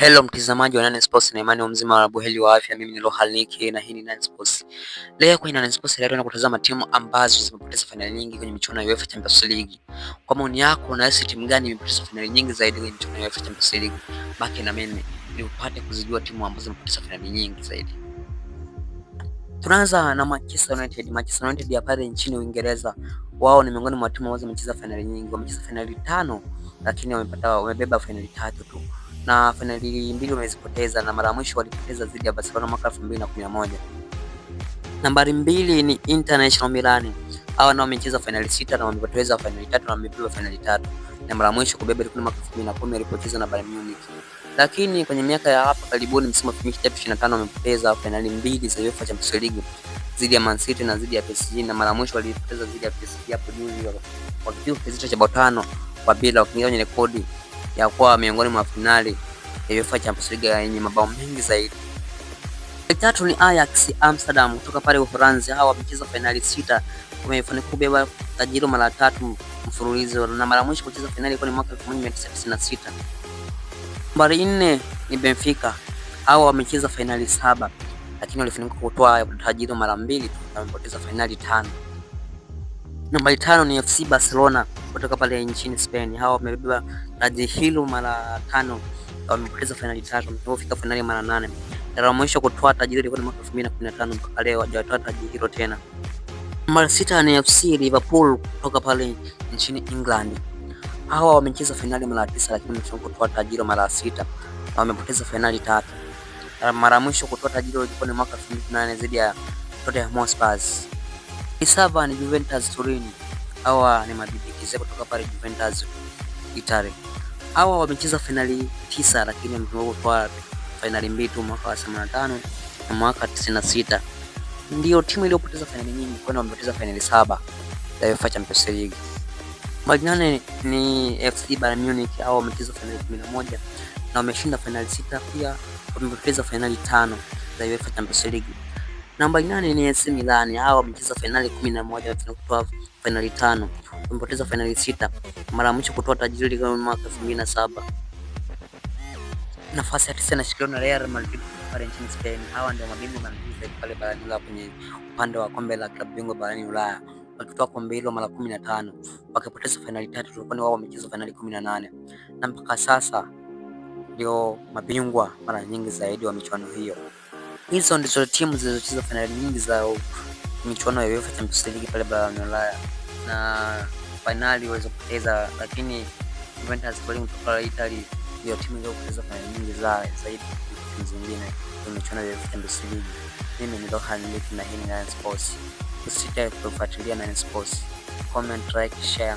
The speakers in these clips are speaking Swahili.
Hello mtazamaji wa Nine Sports na imani mzima wa buheli wa afya. Mimi ni Rohan Niki na hii ni Nine Sports. Leo kwenye Nine Sports leo tunaenda kutazama timu ambazo zimepoteza finali nyingi kwenye michuano ya UEFA Champions League. Kwa maoni yako, unahisi timu gani imepoteza finali nyingi zaidi kwenye michuano ya UEFA Champions League? Baki na mimi ni upate kuzijua timu ambazo zimepoteza finali nyingi zaidi. Tunaanza na Manchester United. Manchester United ya pale nchini Uingereza, wao ni miongoni mwa timu ambazo zimecheza finali nyingi, wamecheza finali tano, lakini wamepata wamebeba finali tatu tu na fainali mbili wamezipoteza na mara ya mwisho walipoteza dhidi ya Barcelona mwaka 2011. Nambari mbili ni International Milan. Hawa nao wamecheza fainali sita na wamepoteza fainali tatu na wamebeba fainali tatu. Na mara ya mwisho kubeba ilikuwa mwaka 2010 walipocheza na Bayern Munich. Lakini kwenye miaka ya hapa karibuni, msimu wa 2025 wamepoteza fainali mbili za UEFA Champions League dhidi ya Man City na dhidi ya PSG na mara mwisho walipoteza dhidi ya PSG hapo juzi, wakipiga kizito cha bao tano kwa bila wakiingia kwenye rekodi ya kuwa miongoni mwa finali UEFA Champions League yenye mabao mengi zaidi. Tatu ni Ajax Amsterdam kutoka pale Uholanzi. Hawa wamecheza fainali sita, wamefanikiwa kubeba tajiri mara tatu mfululizo na mara mwisho kucheza fainali kwa ni mwaka 1996. Nambari nne ni Benfica. Hawa wamecheza fainali saba, lakini walifanikiwa kutoa tajiri mara mbili, wamepoteza fainali tano. Nambari tano ni FC Barcelona kutoka pale nchini Spain. Hawa wamebeba taji hilo mara tano, wamepoteza fainali tatu, wamefika fainali mara nane. Mara mwisho kutoa taji hilo ni mwaka 2015 mpaka leo hawajatoa taji hilo tena. Nambari sita ni FC Liverpool kutoka pale nchini England. Hawa wamecheza fainali mara tisa, lakini wamefanikiwa kutoa taji hilo mara sita na wamepoteza fainali tatu. Mara mwisho kutoa taji hilo ilikuwa ni mwaka 2008 dhidi ya Tottenham Hotspur. Kisava ni Juventus Turin. Hawa ni mabibi kizee kutoka pale Juventus Italy. Hawa wamecheza finali tisa, lakini wametoa finali mbili tu mwaka wa 85 na mwaka 96. Ndio timu iliyopoteza finali nyingi, kwani wamepoteza finali saba za UEFA Champions League. Majinani ni FC Bayern Munich, hao wamecheza finali 11 na wameshinda finali sita, pia wamepoteza finali tano za UEFA Champions League. Namba nane ni AC Milan. Hao wamecheza fainali kumi na moja na fainali tano, wamepoteza fainali sita, mara mwisho kutoa tajiri hili kama mwaka 2007. Nafasi ya tisa inashikiliwa na Real Madrid pale nchini Spain. Hawa ndio mabingwa mabingwa pale barani Ulaya kwenye upande wa kombe la klabu bingwa barani Ulaya wakitoa kombe hilo mara kumi na tano wakipoteza fainali tatu, kwani wao wamecheza fainali kumi na nane na mpaka sasa ndio mabingwa mara nyingi zaidi wa michuano hiyo. Hizo ndizo timu zilizocheza fainali nyingi za michuano ya UEFA Champions League pale barani Ulaya na fainali waweza walizopoteza, lakini Juventus kutoka Italy ndio timu iliyopoteza fainali nyingi za zaidi timu zingine za michuano ya UEFA Champions League. Mimi ni Rohan Liki na hii ni Nine Sports. Usisite kufuatilia Nine Sports, comment, like, share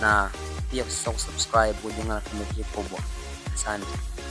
na pia usisahau kusubscribe, ujiunge na familia kubwa. Asante.